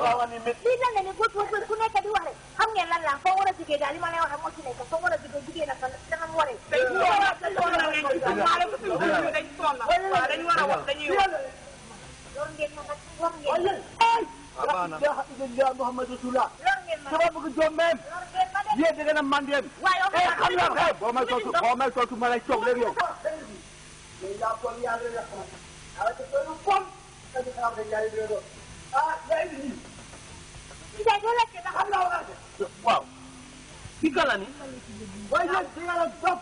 waaw lii lan la ni góor góor ku nekk di wax rek xam ngeen lan la foo war a jugee daal li ma lay waxee moo ci nekk foo war a jugee jugee na fa dana mu waree dañu war a wax dañuy wax loolu ngeen ma nag wax ngeen abaana yaa illallah muhammad rasulullah sama bëgg jombeem yéen da ngeen a mandem e xam la xew boo may tontu boo may tontu ma lay toog léegi yow la ko yaa la ko ala ko ko ko ko ko ko ko ko ko ah yaa ngi nii. Ndiaye doo lekk ndax am na war a def. waaw. ki gala ni. waaye yéen di nga la topp.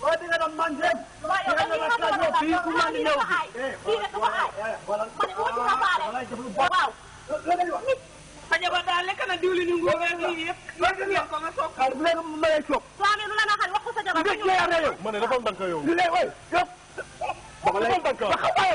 waaye di nga dem man dem. waaye yow dañuy eh, eh, wax dëgg yàlla fii ku mel ni ñëw fi. fii de dafa aay. man de bu ma gis nga faale. waaw. sa jabar daal lekk na diwlin yu ngóor ak yii yëpp. yëpp ko nga soog. waaw bu leen mënee soog. waaw mais lu la naqari wax ko sa jabar. yow. ma ne dafa ndànk yow. li lay way yow. dafa ndànk yow.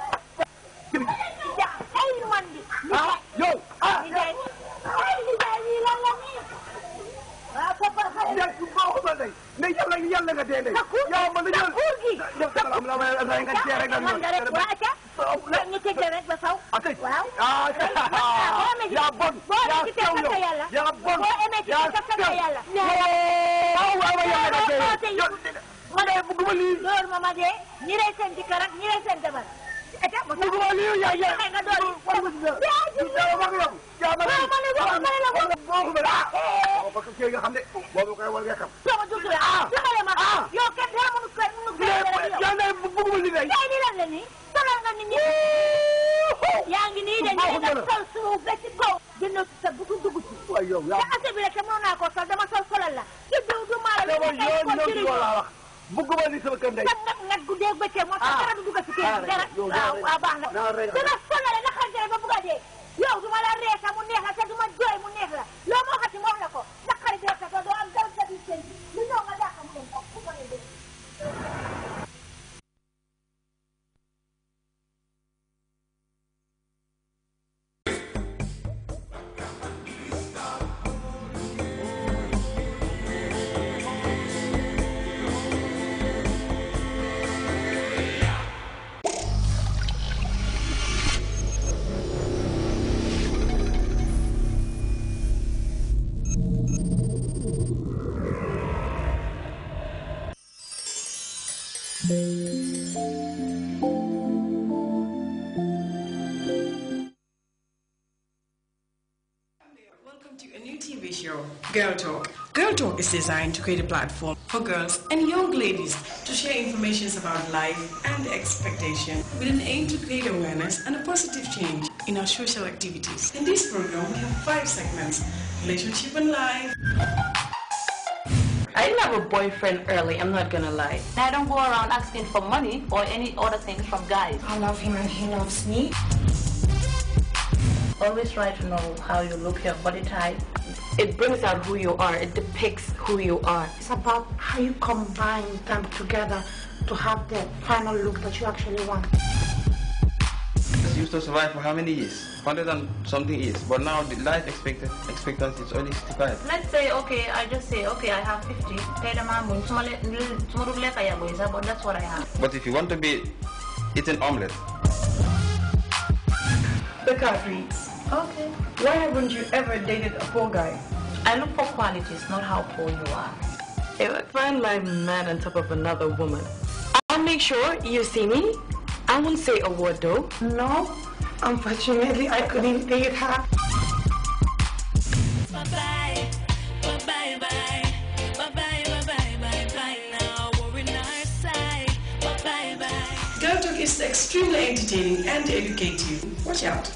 tey ndey yàlla yàlla nga dee ndey. yow man la jël kuur gi. am la may nga dee rek la ñu. waaw ñu tëj rek ba saw. waaw. yaa bon yaa sew yow yaa bon yaa sew. waaw waaw yàlla nga dee yow. ma dee bëgguma lii. loolu ma ma dee ñi rey seen jëkkër ak ñi rey seen jabar. ete mo taw ko liu ya ya nga dool ko ko do ya ma ko yow ya ma ko ma ne la ko bo ko bela ko ko ke nga xam ne boobu koy war nga xam to ko jukki ah xale ma yow kat dara mënu ko mënu ko ya na bëgguma li lay ni lan la ni sonal nga nit ñi yaa ngi nii dañ nga sol suñu becc kaw jënd sa bëgg dugg ci waaw yow ya asa bi rek mënoon naa ko sol dama sol solal la ci do do ma la ko ko bëgguma li sama kër ndey. nag nag nag guddeeg bëccëg moo tax ah. dara du dugg si kër ah, dara. waaw ah, waaw baax na dara sonale naqar dara ba bëgg a dee yow du ma la reesa mu neex la te du ma jooy Welcome to a new TV show, Girl Talk. Girl Talk is designed to create a platform for girls and young ladies to share information about life and expectation with an aim to create awareness and a positive change in our social activities. In this program, we have five segments, relationship and life, I didn't have a boyfriend early, I'm not gonna lie. I don't go around asking for money or any other things from guys. I love him and he loves me. Always try to know how you look, your body type. It brings out who you are, it depicts who you are. It's about how you combine them together to have the final look that you actually want used to survive for how many years? 100 and something years. But now the life expectancy is only 65. Let's say, okay, I just say, okay, I have 50. But that's what I have. But if you want to be eating omelette. The card reads. Okay. Why haven't you ever dated a poor guy? I look for qualities, not how poor you are. If I find my man on top of another woman, I'll make sure you see me I won't say a word though. No, unfortunately, I couldn't pay it. her. Girl Talk is extremely entertaining and educative. Watch out.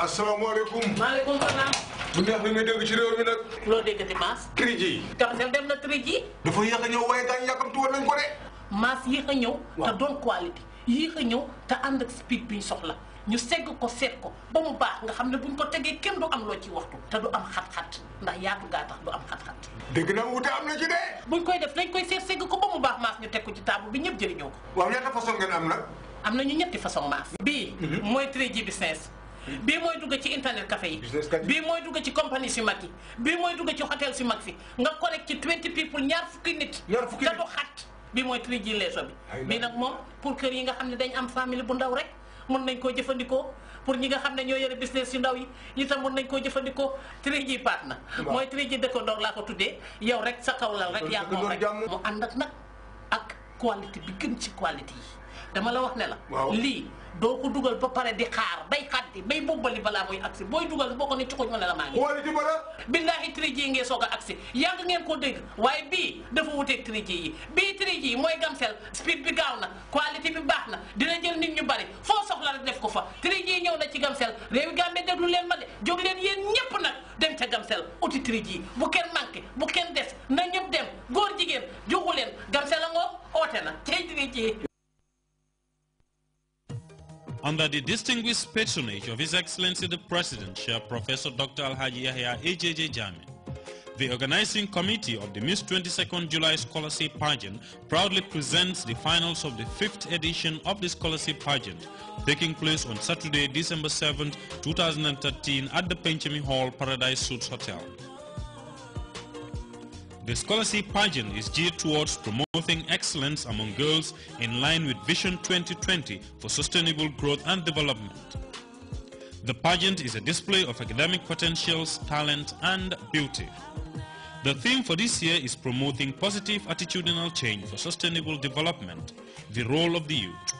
asalaamaaleykum. maaleykum salaam. bu neex li nga dégg ci réew mi nag. loo déggati maas. tri ji. Karcel dem na tri ji. a ñëw waaye gaañ yàkkamtu woon nañ ko de. maas yéex a ñëw. te doon qualité a ñëw te ànd ak speed bi ñu soxla. ñu segg ko seet ko ba mu baax nga xam ne buñ ko tegee kenn du am loo ci waxtu te am xat-xat ndax yaatu gaa tax du am xat-xat dégg na wute am na ci de buñ koy def dañ koy seet ko ba mu baax maas ñu teg ko ci table bi ñëpp jëriñoo ko waaw ñaata façon ngeen am nag am na ñu ñetti façon maas bii mhm. mooy tri ji bi 5 bii mooy dugg ci internet café yi bii mooy dugg ci compagnie si mag yi bii mooy dugg ci hôtel si mag fi nga connect ci 20 people ñaar fukki nit te du xat bii mooy tri ji leeso bi bii nag moom pour kër yi nga xam ne dañ am famille bu ndaw rek mun nañ koo jëfandikoo pour ñi nga xam ne ñoo yore business yu ndaw yi itam mun nañ koo jëfandikoo tri ji paat na mooy tri ji dëkkandoor laa ko tuddee yow rek sa kawlal rek yaa moom rek mu am ak nag ak qualité bi gën ci qualité yi dama la wax ne la. lii doo ko dugal ba pare di xaar bay xaddi bay bobbali balaa muy agsi booy dugal boo ko ne cuxuñ ma ne la maa ngi. wala jubala. billaahi triji yi ngeen soog a agsi yàgg ngeen ko dégg waaye bii dafa wuteeg triji yi bii triji yi mooy gamsel speed bi gaaw na qualité bi baax na dina jël nit ñu bari foo soxla rek def ko fa triji yi ñëw na ci gamsel réewi Gambie déglu leen ma de jóg leen yéen ñëpp nag dem ca gamsel uti yi bu kenn manqué Under the distinguished patronage of His Excellency the President, Chair Professor Dr. Alhaji Yahya AJJ Jami, the organizing committee of the Miss 22nd July Scholarship Pageant proudly presents the finals of the fifth edition of the Scholarship Pageant, taking place on Saturday, December 7, 2013 at the Penchemi Hall Paradise Suites Hotel. The scholarship pageant is geared towards promoting excellence among girls in line with Vision 2020 for sustainable growth and development. The pageant is a display of academic potentials, talent and beauty. The theme for this year is promoting positive attitudinal change for sustainable development, the role of the youth.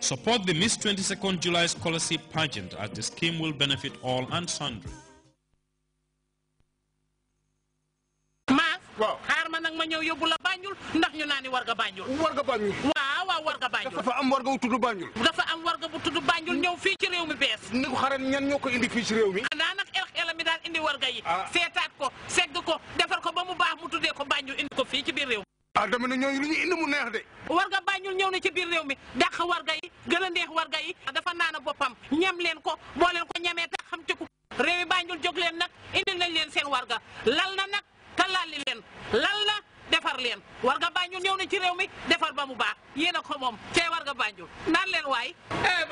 Support the Miss 22nd July Scholarship Pageant as the scheme will benefit all and sundry. waaw xaar ma nag ma ñëw yóbbu la Banjul ndax ñu naani warga Banjul warga Banjul waaw waaw warga Banjul dafa am warga bu tudd Banjul dafa am warga bu tudd Banjul ñëw fii ci réew mi bees ni ko xaran ñan ñoo ko indi fii ci réew mi xanaa nag el xela mi daan indi warga yi ah. seetaat ko segg ko defar ko ba mu baax mu tuddee ko Banjul indi ko fii ci biir réew ah dama ñooñu lu ñu indi mu neex de warga Banjul ñëw na ci biir réew mi dàq warga yi gën a neex warga yi dafa naana boppam ñam leen ko boo leen ko ñamee tax xam ci ku réew mi Banjul jóg leen nag indil nañ leen seen warga lal ko moom cee war nga Banjul naan leen waay eh,